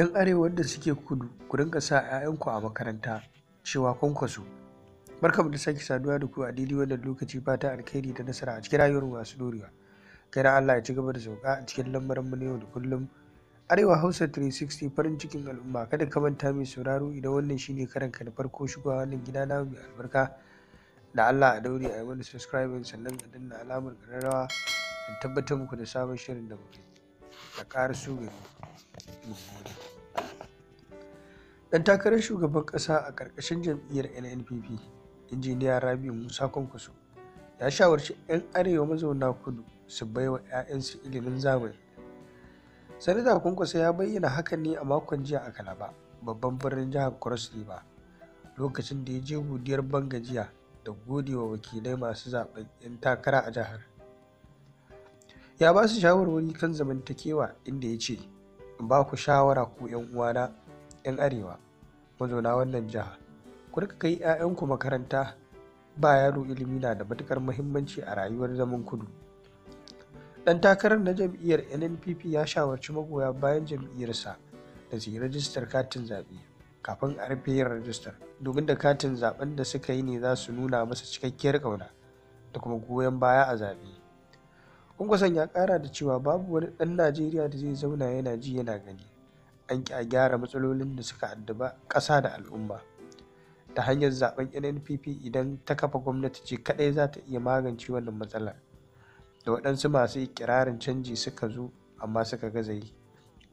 'yan arewa da suke kudu ku rinka sa 'ya'yanku a makaranta cewa kwankwaso barkamu da sake saduwa da ku a daidai wannan lokaci fata alkhairi da nasara a cikin rayuwar masu dorewa kira Allah ya ci gaba da sauka a cikin lambarin mu yau da kullum arewa hausa 360 farin cikin al'umma kada ka manta mai sauraro idan wannan shine karan ka da farko shigowa wannan gida na mai albarka da Allah a daure a yi wani subscribing sannan ka danna alamar kararrawa don tabbatar muku da sabon shirin da muke da ƙara shugabi mun dan takarar shugaban ƙasa a ƙarƙashin jam'iyyar nnpp injiniya rabiu musa kwankwaso ya shawarci 'yan arewa mazauna kudu su baiwa 'ya'yansu ilimin zamani sanata kwankwaso ya bayyana hakan ne a makon jiya a kalaba babban birnin jihar cross river lokacin da ya je godiyar bangajiya da godewa wakilai masu zaben 'yan takara a jihar ya ba su shawarwari kan zamantakewa inda ya ce in ba ku shawara ku 'yan uwana 'yan arewa mazauna wannan jiha ku rika kai 'ya'yanku makaranta ba yaro ilimi na da matukar muhimmanci a rayuwar zaman kudu dan takarar na jam'iyyar nnpp ya shawarci magoya bayan jam'iyyarsa da su yi rajistar katin zaɓe kafin a rufe yin rajistar domin da katin zaɓen da suka yi ne za su nuna masa cikakkiyar ƙauna da kuma goyon baya a zaɓe kwankwason ya kara da cewa babu wani ɗan najeriya da zai zauna yana ji yana gani an ki a gyara matsalolin da suka addaba ƙasa da al'umma ta hanyar zaben nnpp idan ta kafa gwamnati ce kadai za ta iya magance wannan matsalar da waɗansu masu ikirarin canji suka zo amma suka gaza yi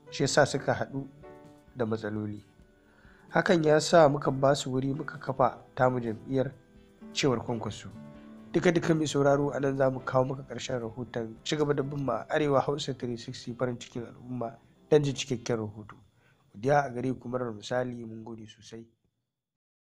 shi yasa suka haɗu da matsaloli hakan ya sa muka basu wuri muka kafa tamu jam'iyyar cewar kwankwaso duka duka mai sauraro a nan za mu kawo maka ƙarshen rahoton ci gaba da bin ma arewa hausa 360 farin cikin al'umma don jin cikakken rahoto Diya a gare ku marar misali mun gode sosai